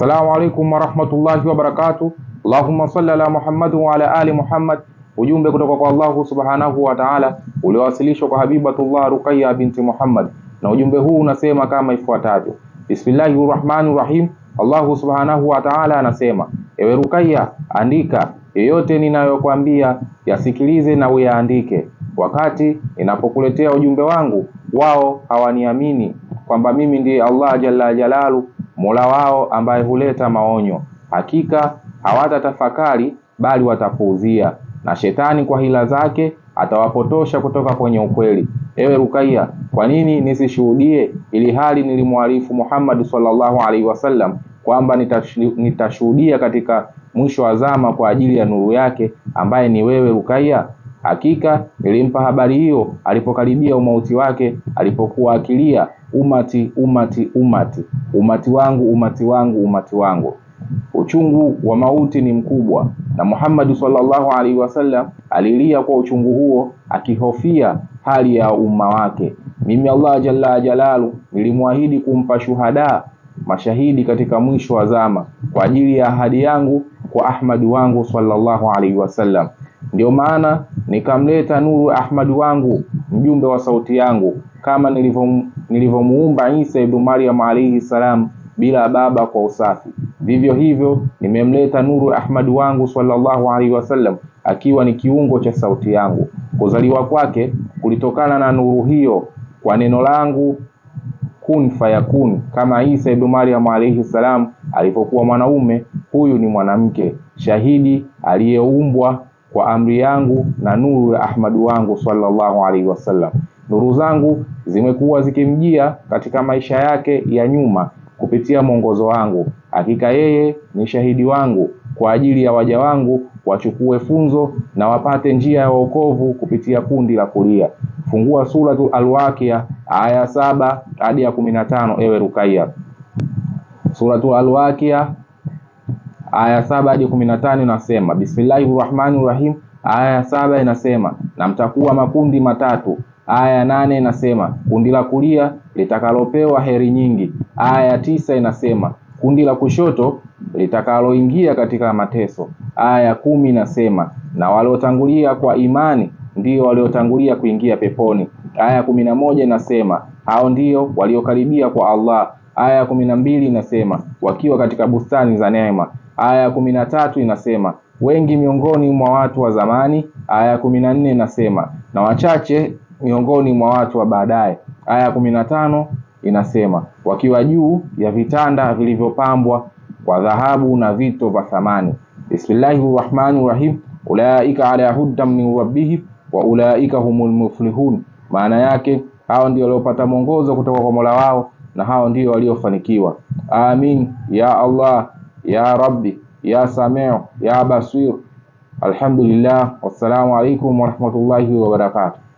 Assalamu alaikum warahmatullahi wabarakatuh. Allahumma salli ala Muhammad wa ala ali Muhammad. Ujumbe kutoka kwa Allahu subhanahu wa ta'ala uliowasilishwa kwa Habibatullah Ruqayya binti Muhammad, na ujumbe huu unasema kama ifuatavyo: Bismillahir Rahmanir Rahim. Allahu subhanahu wa ta'ala anasema, ewe Ruqayya, andika yeyote ninayokwambia yasikilize na uyaandike. Wakati inapokuletea ujumbe wangu, wao hawaniamini kwamba mimi ndiye Allah jalla jalalu Mola wao ambaye huleta maonyo. Hakika hawatatafakari bali watapuuzia, na shetani kwa hila zake atawapotosha kutoka kwenye ukweli. Ewe Rukaiya, kwa nini nisishuhudie ili hali nilimwarifu Muhammad sallallahu alaihi wasallam kwamba nitashuhudia katika mwisho wa zama kwa ajili ya nuru yake ambaye ni wewe Rukaiya? Hakika nilimpa habari hiyo alipokaribia umauti wake, alipokuwa akilia, umati umati umati, umati wangu, umati wangu, umati wangu. Uchungu wa mauti ni mkubwa, na Muhammad sallallahu alaihi wasallam alilia kwa uchungu huo, akihofia hali ya umma wake. Mimi Allah jalla jalalu nilimwahidi kumpa shuhada mashahidi katika mwisho wa zama kwa ajili ya ahadi yangu kwa Ahmad wangu sallallahu alaihi wasallam. Ndio maana nikamleta Nuru Ahmadi wangu mjumbe wa sauti yangu kama nilivyomuumba Isa ibn Maryam alaihi salam bila baba kwa usafi, vivyo hivyo nimemleta Nuru Ahmadi wangu sallallahu alaihi wasallam akiwa ni kiungo cha sauti yangu. Kuzaliwa kwake kulitokana na nuru hiyo kwa neno langu kun fayakun, kama Isa ibn Maryam alaihi salam alipokuwa mwanaume, huyu ni mwanamke shahidi aliyeumbwa kwa amri yangu na nuru ya Ahmadu wangu sallallahu alaihi wasallam. Nuru zangu zimekuwa zikimjia katika maisha yake ya nyuma kupitia mwongozo wangu. Hakika yeye ni shahidi wangu kwa ajili ya waja wangu wachukue funzo na wapate njia ya wokovu kupitia kundi la kulia. Fungua Suratu Alwakia aya saba hadi ya kumi na tano ewe Rukaiya. Suratu Alwakia aya saba hadi kumi na tano inasema bismillahi rahmani rahim. Aya ya saba inasema na mtakuwa makundi matatu. Aya ya nane inasema kundi la kulia litakalopewa heri nyingi. Aya ya tisa inasema kundi la kushoto litakaloingia katika mateso. Aya ya kumi inasema na waliotangulia kwa imani ndio waliotangulia kuingia peponi. Aya ya kumi na moja inasema hao ndio waliokaribia kwa Allah. Aya ya kumi na mbili inasema wakiwa katika bustani za neema aya ya kumi na tatu inasema wengi miongoni mwa watu wa zamani. Aya ya kumi na nne inasema na wachache miongoni mwa watu wa baadaye. Aya ya kumi na tano inasema wakiwa juu ya vitanda vilivyopambwa kwa dhahabu na vito vya thamani. Bismillahir Rahmanir Rahim, ulaika ala hudan min rabbihim wa ulaika humul muflihun. Maana yake hao ndio waliopata mwongozo kutoka kwa Mola wao na hao ndio waliofanikiwa. Amin ya Allah. يا ربي يا سميع يا بصير الحمد لله والسلام عليكم ورحمة الله وبركاته